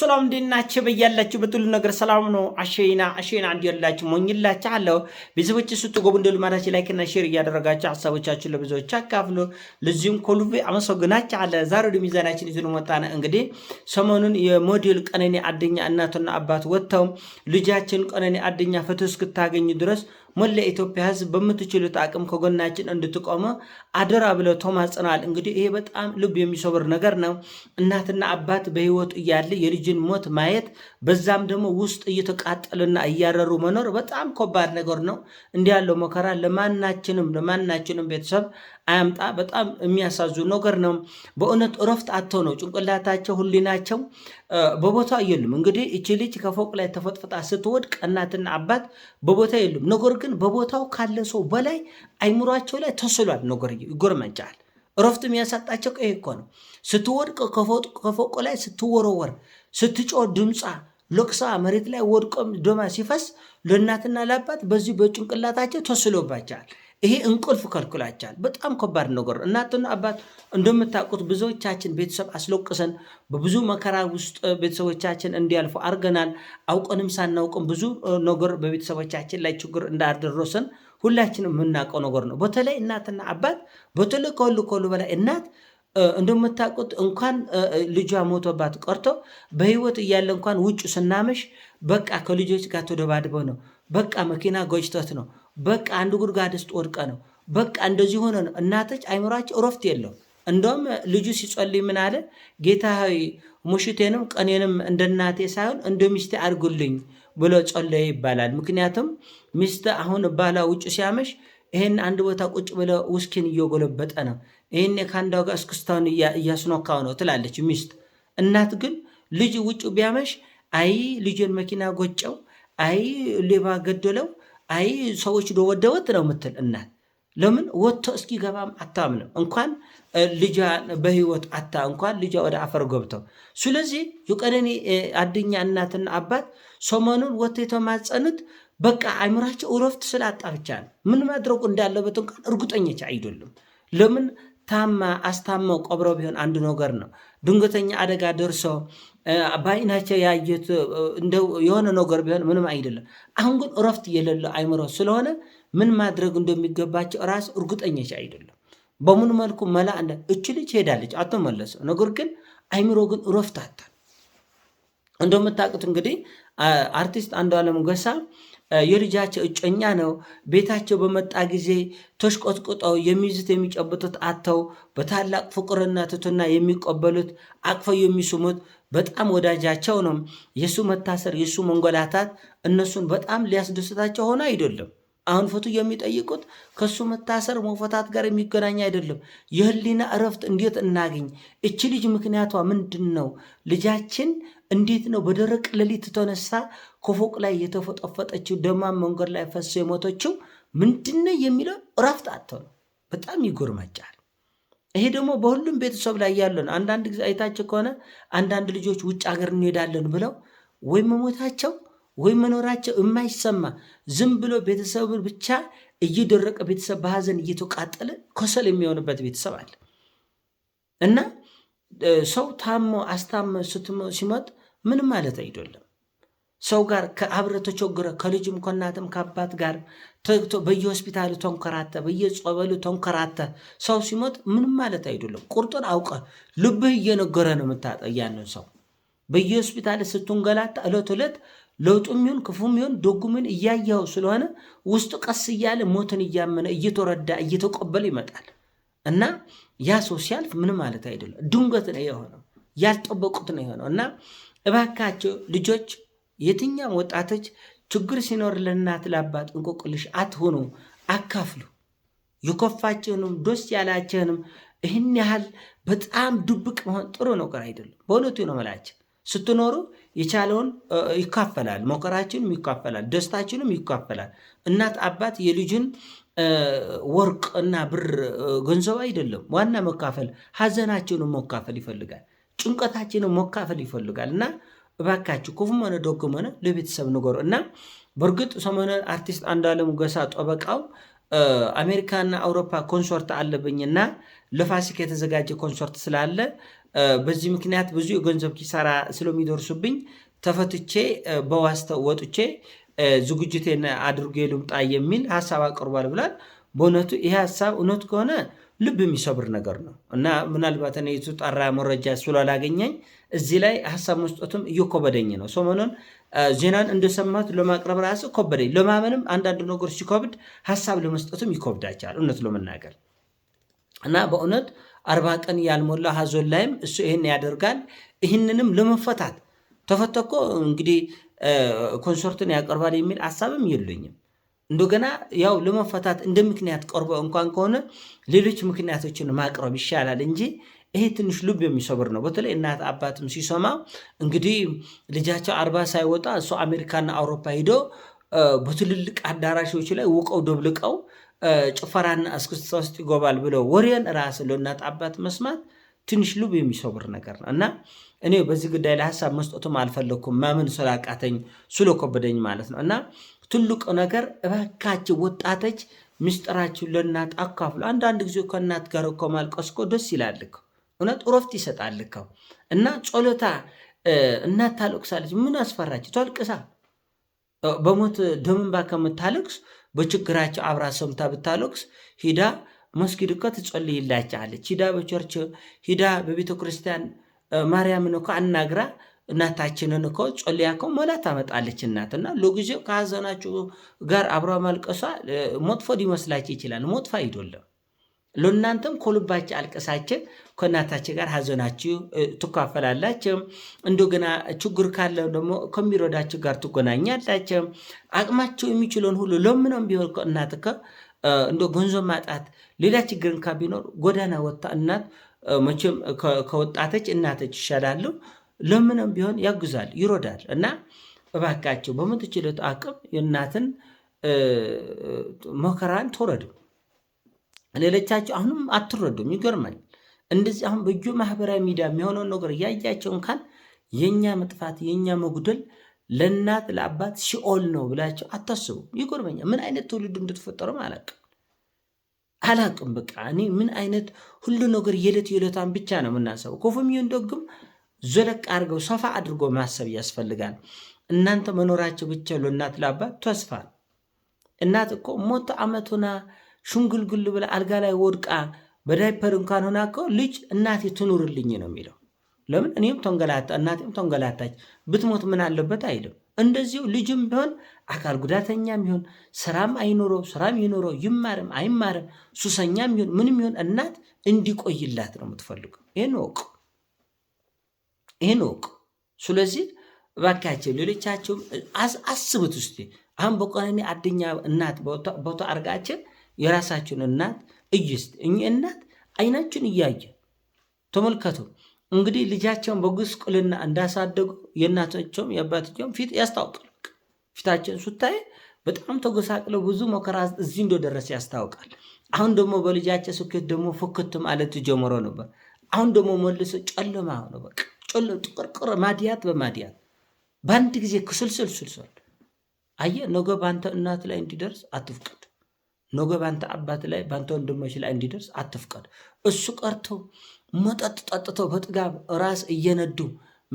ሰላም እንዴናችሁ? በያላችሁ በጥሉ ነገር ሰላም ነው። አሸይና አሸይና እንዲላችሁ ሞኝላችሁ አለው። ቤተሰቦች ጎብ እንደ ልማዳችሁ ላይክ እና ሼር እያደረጋችሁ ሀሳቦቻችሁን ለብዙዎች አካፍሉ። ለዚሁም ኮልቤ አመሰግናችሁ አለ። ዛሬ ወደ ሚዛናችን ይዘን መጣን። እንግዲህ ሰሞኑን የሞዴል ቀነኒ አደኛ እናትና አባት ወጥተው ልጃችን ቀነኒ አደኛ ፍትህ እስክታገኝ ድረስ ሞላ የኢትዮጵያ ህዝብ በምትችሉት አቅም ከጎናችን እንድትቆመ አደራ ብለው ተማጽነዋል። እንግዲህ ይሄ በጣም ልብ የሚሰብር ነገር ነው። እናትና አባት በህይወት እያለ የልጅን ሞት ማየት፣ በዛም ደግሞ ውስጥ እየተቃጠሉና እያረሩ መኖር በጣም ከባድ ነገር ነው። እንዲህ ያለው መከራ ለማናችንም ለማናችንም ቤተሰብ አያምጣ። በጣም የሚያሳዙ ነገር ነው። በእውነት እረፍት አጥተው ነው ጭንቅላታቸው፣ ህሊናቸው በቦታ የሉም። እንግዲህ እቺ ልጅ ከፎቅ ላይ ተፈጥፍጣ ስትወድቅ እናትና አባት በቦታ የሉም ነገር ግን በቦታው ካለ ሰው በላይ አይምሯቸው ላይ ተስሏል። ነገር ይጎርመንጫል። እረፍት የሚያሳጣቸው ቀይ እኮ ነው። ስትወድቅ ከፎቆ ላይ ስትወረወር፣ ስትጮ ድምፃ ለቅሳ መሬት ላይ ወድቆ ደማ ሲፈስ ለእናትና ለአባት በዚህ በጭንቅላታቸው ተስሎባቸዋል። ይሄ እንቁልፍ ከልክሏቸዋል። በጣም ከባድ ነገር እናትና አባት እንደምታውቁት ብዙዎቻችን ቤተሰብ አስለቅሰን በብዙ መከራ ውስጥ ቤተሰቦቻችን እንዲያልፉ አድርገናል። አውቀንም ሳናውቅም ብዙ ነገር በቤተሰቦቻችን ላይ ችግር እንዳደረሰን ሁላችንም የምናውቀው ነገር ነው። በተለይ እናትና አባት በተለይ ከሁሉ ከሁሉ በላይ እናት እንደምታውቁት እንኳን ልጇ ሞቶባት ቀርቶ በህይወት እያለ እንኳን ውጭ ስናመሽ በቃ ከልጆች ጋር ተደባድበው ነው በቃ መኪና ጎጅተት ነው፣ በቃ አንድ ጉድጓድ ውስጥ ወድቀ ነው፣ በቃ እንደዚህ ሆነ ነው። እናቶች አይምሯቸው እረፍት የለው። እንደውም ልጁ ሲጸልይ ምን አለ? ጌታ ሆይ ሙሽቴንም ቀኔንም እንደ እናቴ ሳይሆን እንደ ሚስቴ አድርጉልኝ ብሎ ጸለየ ይባላል። ምክንያቱም ሚስት አሁን ባሏ ውጭ ሲያመሽ ይህን አንድ ቦታ ቁጭ ብለ ውስኪን እየጎለበጠ ነው፣ ይህን ከአንዳው ጋር እስክስታውን እያስኖካው ነው ትላለች ሚስት። እናት ግን ልጅ ውጭ ቢያመሽ አይ ልጅን መኪና ጎጨው አይ ሌባ ገደለው፣ አይ ሰዎች ደወደወት ነው የምትል እናት። ለምን ወጥቶ እስኪገባም አታምንም። እንኳን ልጃ በህይወት አታ እንኳን ልጇ ወደ አፈር ገብተው። ስለዚህ የቀነኒ አዱኛ እናትና አባት ሰሞኑን ወጥቶ የተማጸኑት በቃ አይምራቸው እረፍት ስላጣ ብቻ ነው። ምን ማድረጉ እንዳለበት እንኳን እርግጠኞች አይደሉም። ለምን ታማ አስታመው ቀብረው ቢሆን አንድ ነገር ነው። ድንገተኛ አደጋ ደርሰው በአይናቸው ያየት እንደው የሆነ ነገር ቢሆን ምንም አይደለም። አሁን ግን እረፍት የሌለ አይምሮ ስለሆነ ምን ማድረግ እንደሚገባቸው ራስ እርግጠኞች አይደለም። በምን መልኩ መላ እንደ እች ልጅ ሄዳለች አትመለስም። ነገር ግን አይምሮ ግን እረፍት አታል። እንደምታውቁት እንግዲህ አርቲስት አንዱዓለም ገሳ የልጃቸው እጮኛ ነው። ቤታቸው በመጣ ጊዜ ተሽቆጥቁጠው የሚይዙት የሚጨብጡት አተው በታላቅ ፍቅርና ትትና የሚቀበሉት አቅፈው የሚስሙት በጣም ወዳጃቸው ነው። የእሱ መታሰር የእሱ መንጎላታት እነሱን በጣም ሊያስደስታቸው ሆነ አይደለም። አሁን ፍቱ የሚጠይቁት ከእሱ መታሰር መፈታት ጋር የሚገናኝ አይደለም። የህሊና እረፍት እንዴት እናገኝ? እች ልጅ ምክንያቷ ምንድን ነው? ልጃችን እንዴት ነው በደረቅ ሌሊት ተነሳ ከፎቅ ላይ የተፈጠፈጠችው ደማም መንገድ ላይ ፈሶ የሞተችው ምንድን ነው የሚለው እረፍት አጥተው ነው። በጣም ይጎርመጫል። ይሄ ደግሞ በሁሉም ቤተሰብ ላይ ያለ ነው። አንዳንድ ጊዜ አይታቸው ከሆነ አንዳንድ ልጆች ውጭ ሀገር እንሄዳለን ብለው ወይም መሞታቸው ወይም መኖራቸው የማይሰማ ዝም ብሎ ቤተሰብን ብቻ እየደረቀ ቤተሰብ በሀዘን እየተቃጠለ ኮሰል የሚሆንበት ቤተሰብ አለ እና ሰው ታሞ አስታመ ሲሞት ምንም ማለት አይደለም። ሰው ጋር አብረ ተቸግረ ከልጅም ከእናትም ከአባት ጋር በየሆስፒታሉ ተንከራተ በየጸበሉ ተንከራተ ሰው ሲሞት ምንም ማለት አይደለም። ቁርጡን አውቀ ልብህ እየነገረ ነው የምታጠያንን ሰው በየሆስፒታል ስትንገላታ እለት እለት ለውጡም ይሁን ክፉም ይሁን ደጉምን እያየኸው ስለሆነ ውስጡ ቀስ እያለ ሞትን እያመነ እየተረዳ እየተቀበለ ይመጣል እና ያ ሰው ሲያልፍ ምን ማለት አይደለም። ድንገት ነው የሆነው፣ ያልጠበቁት ነው የሆነው እና እባካቸው ልጆች የትኛም ወጣቶች ችግር ሲኖር ለእናት ለአባት እንቆቅልሽ አትሆኑ፣ አካፍሉ። የከፋችሁንም ደስ ያላችሁንም ይህን ያህል በጣም ድብቅ መሆን ጥሩ ነገር አይደለም። በእውነቱ ነው መላቸው ስትኖሩ የቻለውን ይካፈላል። መከራችንም ይካፈላል፣ ደስታችንም ይካፈላል። እናት አባት የልጅን ወርቅ እና ብር ገንዘብ አይደለም ዋና መካፈል፣ ሀዘናችንም መካፈል ይፈልጋል፣ ጭንቀታችንም መካፈል ይፈልጋል እና እባካችሁ ክፉም ሆነ ደጉም ሆነ ለቤተሰብ ንገሩ እና በእርግጥ ሰሞኑን አርቲስት አንዱዓለም ጎሳ ጠበቃው አሜሪካና አውሮፓ ኮንሰርት አለብኝና ለፋሲካ የተዘጋጀ ኮንሰርት ስላለ በዚህ ምክንያት ብዙ የገንዘብ ኪሳራ ስለሚደርሱብኝ ተፈትቼ በዋስተ ወጥቼ ዝግጅቴን አድርጎ ልምጣ የሚል ሀሳብ አቅርቧል ብሏል። በእውነቱ ይሄ ሀሳብ እውነት ከሆነ ልብ የሚሰብር ነገር ነው እና ምናልባት እኔ ጠራ መረጃ ስላላገኘኝ እዚህ ላይ ሀሳብ መስጠቱም እየኮበደኝ ነው። ሰሞኑን ዜናን እንደሰማት ለማቅረብ ራስ ኮበደኝ። ለማመንም አንዳንድ ነገር ሲኮብድ ሀሳብ ለመስጠቱም ይኮብዳቸዋል እውነት ለመናገር እና በእውነት አርባ ቀን ያልሞላ ሀዞን ላይም እሱ ይህን ያደርጋል። ይህንንም ለመፈታት ተፈተኮ እንግዲህ ኮንሰርትን ያቀርባል የሚል ሀሳብም የለኝም። እንደገና ያው ለመፈታት እንደ ምክንያት ቀርቦ እንኳን ከሆነ ሌሎች ምክንያቶችን ማቅረብ ይሻላል እንጂ ይሄ ትንሽ ልብ የሚሰብር ነው። በተለይ እናት አባትም ሲሰማ እንግዲህ ልጃቸው አርባ ሳይወጣ እሱ አሜሪካና አውሮፓ ሂዶ በትልልቅ አዳራሾች ላይ ውቀው ደብልቀው ጭፈራና እስክስታ ውስጥ ይገባል ብለው ወሬን ራስ ለእናት አባት መስማት ትንሽ ልብ የሚሰብር ነገር ነው እና እኔ በዚህ ጉዳይ ላይ ሀሳብ መስጠቱም አልፈለግኩም ማመን ስላቃተኝ ስለከበደኝ ማለት ነው እና ትልቁ ነገር እባካችሁ ወጣቶች ምስጢራችሁን ለእናት አካፍሉ። አንዳንድ ጊዜ ከእናት ጋር እኮ ማልቀስ እኮ ደስ ይላል እኮ እውነት እረፍት ይሰጣል እኮ እና ጸሎታ እናት ታለቅሳለች። ምን አስፈራችሁ? ታልቅሳ በሞት ደምንባ ከምታለቅስ በችግራቸው አብራ ሰምታ ብታለቅስ ሂዳ መስጊድ እኮ ትጸልይላችኋለች። ሂዳ በቸርች ሂዳ በቤተ ክርስቲያን ማርያምን እኮ አናግራ እናታችንን እኮ ጸልያ እኮ ሞላ ታመጣለች እናት እና ለጊዜው ከሀዘናችሁ ጋር አብረ ማልቀሷ መጥፎ ሊመስላችሁ ይችላል። መጥፎ አይደለም። ለእናንተም ከልባችሁ አልቀሳችን ከእናታችን ጋር ሀዘናችሁ ትካፈላላችሁ። እንደገና ችግር ካለ ደግሞ ከሚረዳችሁ ጋር ትጎናኛላችሁ። አቅማችሁ የሚችለውን ሁሉ ለምንም ቢሆን እናት እንደ ገንዘብ ማጣት ሌላ ችግርን ካቢኖር ጎዳና ወጣ እናት መቼም ከወጣተች እናተች ይሻላሉ። ለምንም ቢሆን ያግዛል፣ ይሮዳል እና እባካቸው በምትችለት አቅም የእናትን መከራን ትረዱ። ሌሎቻቸው አሁንም አትረዱም። ይገርማል። እንደዚህ አሁን በእጆ ማህበራዊ ሚዲያ የሚሆነውን ነገር እያያቸው እንኳን የእኛ መጥፋት የእኛ መጉደል ለእናት ለአባት ሲኦል ነው ብላቸው አታስቡ። ይጎርመኛል። ምን አይነት ትውልድ እንደተፈጠረም አላቅም አላቅም። በቃ እኔ ምን አይነት ሁሉ ነገር የዕለት የዕለቷን ብቻ ነው የምናሰበው ክፉም ይሁን ደግም ዘለቅ አድርገው ሰፋ አድርጎ ማሰብ ያስፈልጋል። እናንተ መኖራቸው ብቻ ለእናት ለአባት ተስፋ። እናት እኮ ሞት አመቱና ሆና ብለ ብላ አልጋ ላይ ወድቃ በዳይፐር እንኳን ሆና እኮ ልጅ እናቴ ትኑርልኝ ነው የሚለው። ለምን እኔም ተንገላታ እናቴም ተንገላታች ብትሞት ምን አለበት አይልም። እንደዚሁ ልጅም ቢሆን አካል ጉዳተኛም ሆን ስራም አይኖረው ስራም ይኖረው ይማርም አይማርም ሱሰኛም ይሁን ምንም ሆን እናት እንዲቆይላት ነው የምትፈልገው። ይህን ወቁ። ሄኖክ። ስለዚህ እባካቸው ሌሎቻቸውም አስቡት ውስጥ አሁን በቆነኔ አደኛ እናት ቦታ አርጋችን የራሳችሁን እናት እዩስ እኚ እናት አይናችን እያየ ተመልከቱ። እንግዲህ ልጃቸውን በጉስቁልና እንዳሳደጉ የእናቶቸውም የአባቶቸውም ፊት ያስታውቃል። ፊታቸውን ስታይ በጣም ተጎሳቅለው ብዙ መከራ እዚህ እንደደረሰ ያስታውቃል። አሁን ደግሞ በልጃቸው ስኬት ደግሞ ፉክት ማለት ጀምሮ ነበር። አሁን ደግሞ መልሶ ጨለማ ነው በቃ ጭቅርቅር ማድያት በማድያት በአንድ ጊዜ ክስልስል ስልሷል። አየ ነገ በአንተ እናት ላይ እንዲደርስ አትፍቀድ። ነገ በአንተ አባት ላይ በአንተ ወንድሞች ላይ እንዲደርስ አትፍቀድ። እሱ ቀርቶ መጠጥ ጠጥተው በጥጋብ ራስ እየነዱ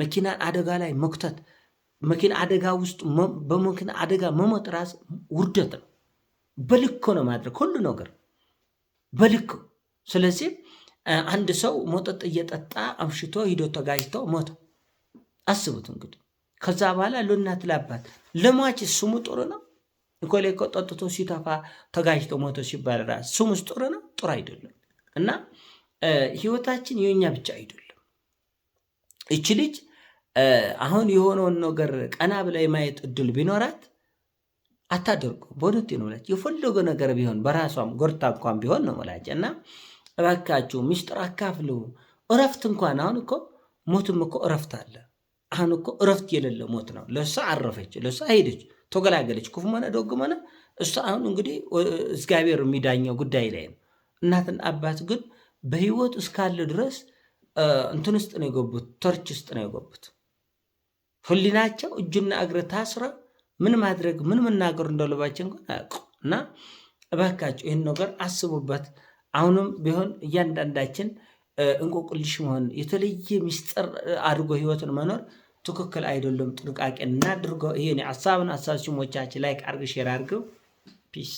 መኪናን አደጋ ላይ መክተት፣ መኪና አደጋ ውስጥ በመኪና አደጋ መሞት ራስ ውርደት ነው። በልክ ነው ማድረግ ሁሉ ነገር በልክ ስለዚህ አንድ ሰው መጠጥ እየጠጣ አምሽቶ ሂዶ ተጋጅቶ ሞተ። አስቡት እንግዲህ። ከዛ በኋላ ለእናት ላባት ለሟች ስሙ ጥሩ ነው። እኮሌ እኮ ጠጥቶ ሲተፋ ተጋጅቶ ሞቶ ሲባል ራሱ ስሙስ ጥሩ ነው? ጥሩ አይደለም። እና ህይወታችን የኛ ብቻ አይደለም። እች ልጅ አሁን የሆነውን ነገር ቀና ብላ የማየት እድል ቢኖራት አታደርጉ። በእውነት ነው የፈለገ ነገር ቢሆን በራሷም ጎርታ እንኳን ቢሆን ነው ላጭ እና እባካችሁ ምስጢር አካፍሉ። እረፍት እንኳን አሁን እኮ ሞትም እኮ እረፍት አለ። አሁን እኮ እረፍት የሌለ ሞት ነው። ለእሷ አረፈች፣ ለእሷ ሄደች፣ ተገላገለች። ክፉም ሆነ ደግ ሆነ እሱ አሁን እንግዲህ እግዚአብሔር የሚዳኘው ጉዳይ ላይ ነው። እናትና አባት ግን በህይወት እስካለ ድረስ እንትን ውስጥ ነው የገቡት፣ ተርች ውስጥ ነው የገቡት። ህሊናቸው እጅና እግር ታስረ ምን ማድረግ ምን መናገር እንደለባቸው እንኳን አያውቁ እና እባካቸው ይህን ነገር አስቡበት። አሁንም ቢሆን እያንዳንዳችን እንቆቅልሽ መሆን የተለየ ምስጢር አድርጎ ህይወትን መኖር ትክክል አይደለም። ጥንቃቄ እናድርገው። ይሄ ሀሳብን ሀሳብ ሲሞቻችን ላይክ አርግ፣ ሼር አርገው። ፒስ